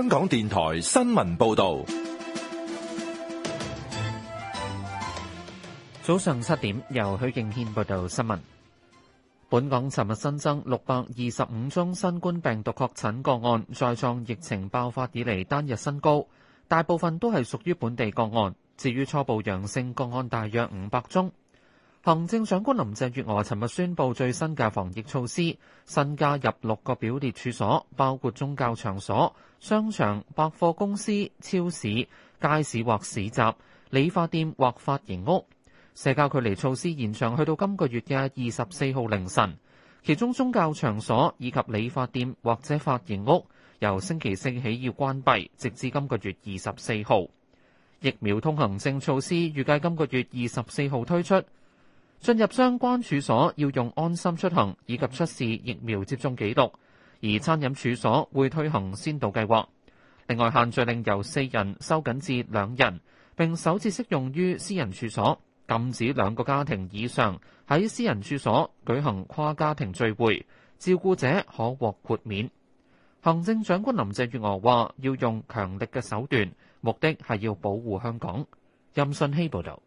香港電台新聞報道，早上七點，由許敬軒報道新聞。本港尋日新增六百二十五宗新冠病毒確診個案，再創疫情爆發以嚟單日新高。大部分都係屬於本地個案。至於初步陽性個案，大約五百宗。行政長官林鄭月娥尋日宣布最新嘅防疫措施，新加入六個表列處所，包括宗教場所。商場、百貨公司、超市、街市或市集、理髮店或髮型屋，社交距離措施延長去到今個月嘅二十四號凌晨。其中宗教場所以及理髮店或者髮型屋，由星期四起要關閉，直至今個月二十四號。疫苗通行證措施預計今個月二十四號推出。進入相關處所要用安心出行以及出示疫苗接種記錄。而餐飲處所會推行先導計劃，另外限聚令由四人收緊至兩人，並首次適用於私人處所，禁止兩個家庭以上喺私人處所舉行跨家庭聚會，照顧者可獲豁免。行政長官林鄭月娥話：要用強力嘅手段，目的係要保護香港。任信希報導。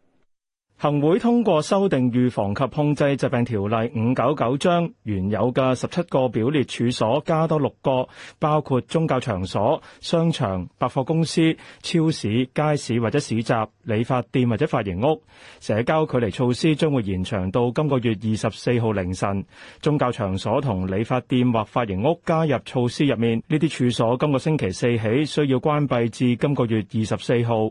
行會通過修訂預防及控制疾病條例五九九章，原有嘅十七個表列處所加多六個，包括宗教場所、商場、百貨公司、超市、街市或者市集、理髮店或者髮型屋。社交距離措施將會延長到今個月二十四號凌晨。宗教場所同理髮店或髮型屋加入措施入面，呢啲處所今個星期四起需要關閉至今個月二十四號。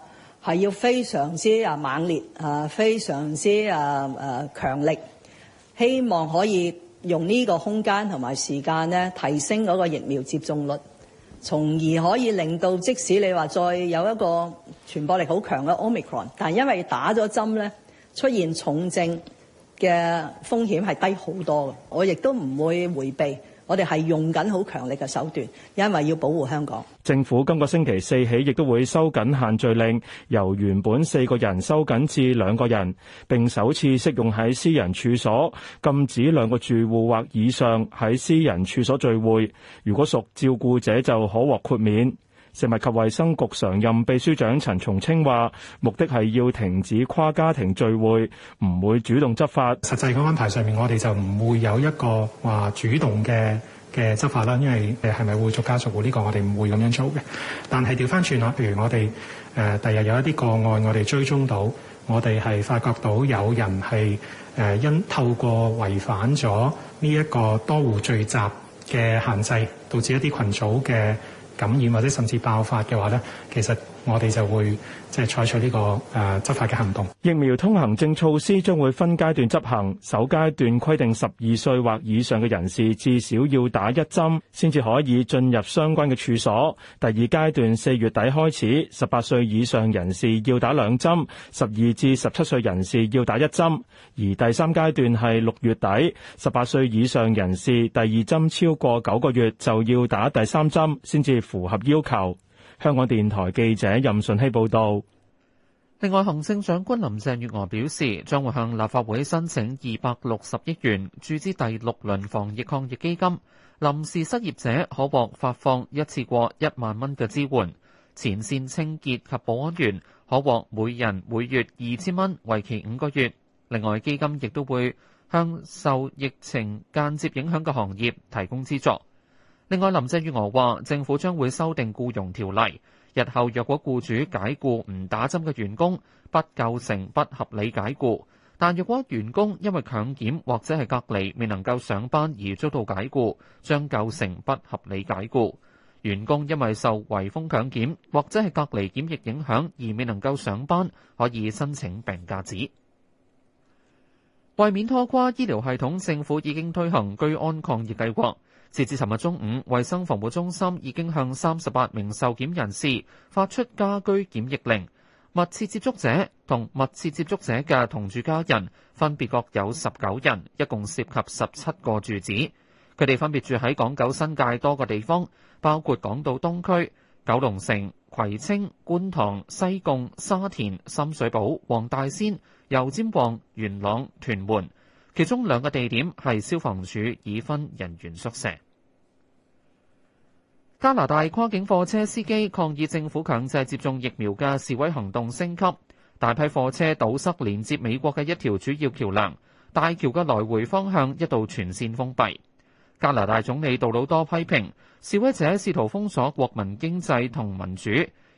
係要非常之啊猛烈啊，非常之啊啊、呃、強力，希望可以用呢個空間同埋時間咧，提升嗰個疫苗接種率，從而可以令到即使你話再有一個傳播力好強嘅 Omicron，但係因為打咗針咧，出現重症嘅風險係低好多嘅。我亦都唔會迴避。我哋係用緊好強力嘅手段，因為要保護香港。政府今個星期四起亦都會收緊限聚令，由原本四個人收緊至兩個人，並首次適用喺私人處所，禁止兩個住戶或以上喺私人處所聚會，如果屬照顧者就可獲豁免。食物及衛生局常任秘書長陳松青話，目的係要停止跨家庭聚會，唔會主動執法。實際嘅安排上面，我哋就唔會有一個話主動嘅嘅執法啦，因為誒係咪會做家族戶呢、這個我哋唔會咁樣做嘅。但係調翻轉啦，譬如我哋誒第日有一啲個案，我哋追蹤到，我哋係發覺到有人係誒因透過違反咗呢一個多戶聚集嘅限制，導致一啲群組嘅。感染或者甚至爆發嘅話，咧，其實，我哋就會即係採取呢個誒執法嘅行動。疫苗通行證措施將會分階段執行。首階段規定十二歲或以上嘅人士至少要打一針先至可以進入相關嘅處所。第二階段四月底開始，十八歲以上人士要打兩針，十二至十七歲人士要打一針。而第三階段係六月底，十八歲以上人士第二針超過九個月就要打第三針先至符合要求。香港電台記者任順熙報道。另外，行政長官林鄭月娥表示，將會向立法會申請二百六十億元注資第六輪防疫抗疫基金。臨時失業者可獲發放一次過一萬蚊嘅支援。前線清潔及保安員可獲每人每月二千蚊，為期五個月。另外，基金亦都會向受疫情間接影響嘅行業提供資助。另外，林鄭月娥話政府將會修訂僱傭條例，日後若果僱主解僱唔打針嘅員工，不構成不合理解僱；但若果員工因為強檢或者係隔離未能夠上班而遭到解僱，將構成不合理解僱。員工因為受圍封強檢或者係隔離檢疫影響而未能夠上班，可以申請病假紙。為免拖垮醫療系統，政府已經推行居安抗疫計劃。截至尋日中午，衞生防護中心已經向三十八名受檢人士發出家居檢疫令，密切接觸者同密切接觸者嘅同住家人分別各有十九人，一共涉及十七個住址。佢哋分別住喺港九新界多個地方，包括港島東區、九龍城、葵青、觀塘、西貢、沙田、深水埗、黃大仙、油尖旺、元朗、屯門。其中兩個地點係消防署已婚人員宿舍。加拿大跨境貨車司機抗議政府強制接種疫苗嘅示威行動升級，大批貨車堵塞連接美國嘅一條主要橋梁，大橋嘅來回方向一度全線封閉。加拿大總理杜魯多批評示威者試圖封鎖國民經濟同民主，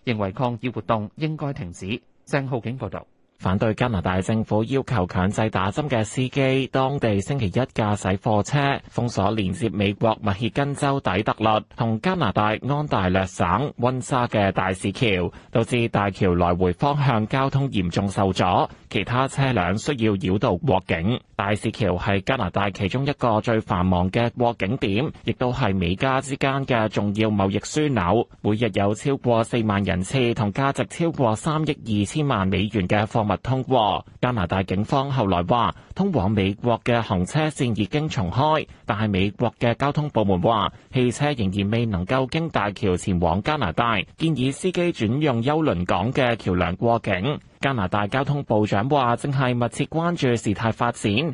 認為抗議活動應該停止。鄭浩景報導。反對加拿大政府要求強制打針嘅司機，當地星期一駕駛貨車，封鎖連接美國密歇根州底特律同加拿大安大略省溫莎嘅大使橋，導致大橋來回方向交通嚴重受阻。其他車輛需要繞道過境。大使橋係加拿大其中一個最繁忙嘅過境點，亦都係美加之間嘅重要貿易樞紐。每日有超過四萬人次同價值超過三億二千萬美元嘅貨物通過。加拿大警方後來話，通往美國嘅行車線已經重開，但係美國嘅交通部門話，汽車仍然未能夠經大橋前往加拿大，建議司機轉用休倫港嘅橋梁過境。加拿大交通部長話正係密切關注事態發展。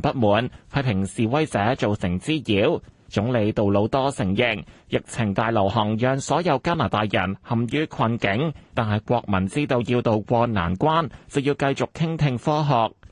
不滿，批評示威者造成滋擾，總理杜魯多承認疫情大流行讓所有加拿大人陷於困境，但係國民知道要渡過難關，就要繼續傾聽科學。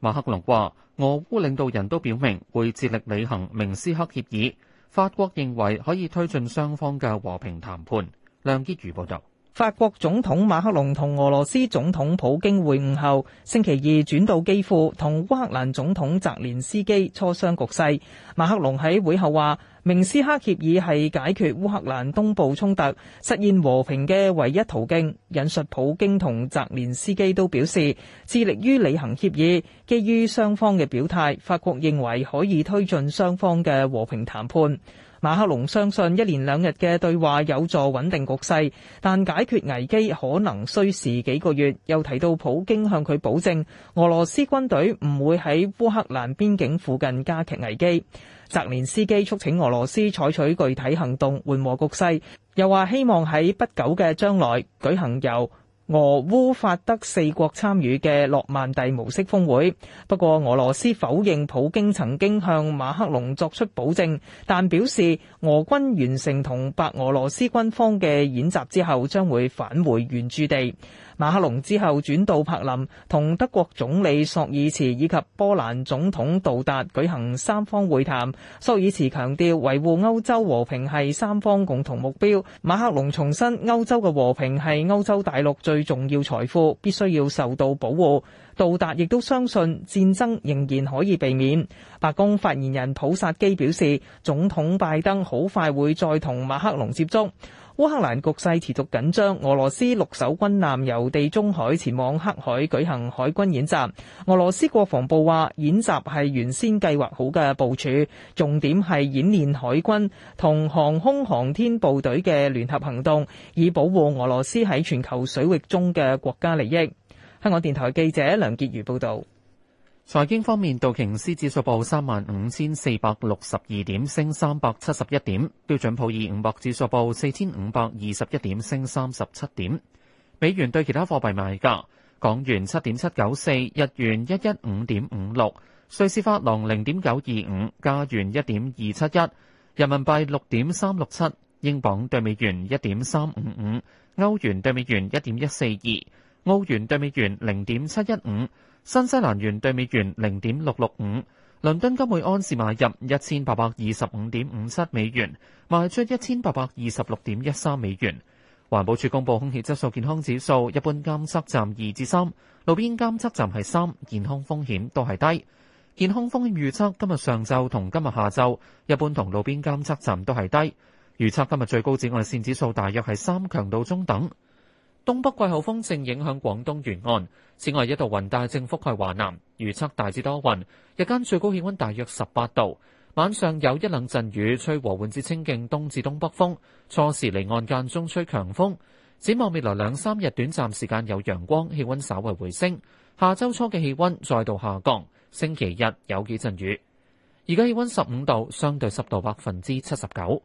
馬克龍話：俄烏領導人都表明會致力履行明斯克協議，法國認為可以推進雙方嘅和平談判。梁潔如報道，法國總統馬克龍同俄羅斯總統普京會晤後，星期二轉到基輔同烏克蘭總統澤連斯基磋商局勢。馬克龍喺會後話：明斯克協議係解決烏克蘭東部衝突、實現和平嘅唯一途徑。引述普京同澤連斯基都表示，致力於履行協議，基於雙方嘅表態，法國認為可以推進雙方嘅和平談判。馬克龍相信一連兩日嘅對話有助穩定局勢，但解決危機可能需時幾個月。又提到普京向佢保證俄羅斯軍隊唔會喺烏克蘭邊境附近加劇危機。澤連斯基促請俄羅斯採取具體行動緩和局勢，又話希望喺不久嘅將來舉行由俄烏法德四國參與嘅諾曼第模式峰會。不過，俄羅斯否認普京曾經向馬克龍作出保證，但表示俄軍完成同白俄羅斯軍方嘅演習之後，將會返回原駐地。馬克龍之後轉到柏林，同德國總理索爾茨以及波蘭總統道達舉行三方會談。索爾茨強調維護歐洲和平係三方共同目標。馬克龍重申歐洲嘅和平係歐洲大陸最重要財富，必須要受到保護。杜達亦都相信戰爭仍然可以避免。白宮發言人普薩基表示，總統拜登好快會再同馬克龍接觸。烏克蘭局勢持續緊張，俄羅斯六艘軍艦由地中海前往黑海舉行海軍演習。俄羅斯國防部話，演習係原先計劃好嘅部署，重點係演練海軍同航空航天部隊嘅聯合行動，以保護俄羅斯喺全球水域中嘅國家利益。香港電台記者梁潔如報道：財經方面，道瓊斯指數報三萬五千四百六十二點，升三百七十一點；標準普爾五百指數報四千五百二十一點，升三十七點。美元對其他貨幣賣價：港元七點七九四，日元一一五點五六，瑞士法郎零點九二五，加元一點二七一，人民幣六點三六七，英鎊兌美元一點三五五，歐元兌美元一點一四二。澳元對美元零點七一五，新西蘭元對美元零點六六五，倫敦金會安士買入一千八百二十五點五七美元，賣出一千八百二十六點一三美元。環保署公佈空氣質素健康指數，一般監測站二至三，路邊監測站係三，健康風險都係低。健康風險預測今日上晝同今日下晝，一般同路邊監測站都係低。預測今日最高紫外線指數大約係三，強度中等。東北季候風正影響廣東沿岸，此外一道雲帶正覆蓋華南，預測大致多雲，日間最高氣溫大約十八度，晚上有一兩陣雨，吹和緩至清勁東至東北風，初時離岸間中吹強風，展望未來兩三日短暫時間有陽光，氣溫稍為回升，下週初嘅氣溫再度下降，星期日有幾陣雨，而家氣溫十五度，相對濕度百分之七十九。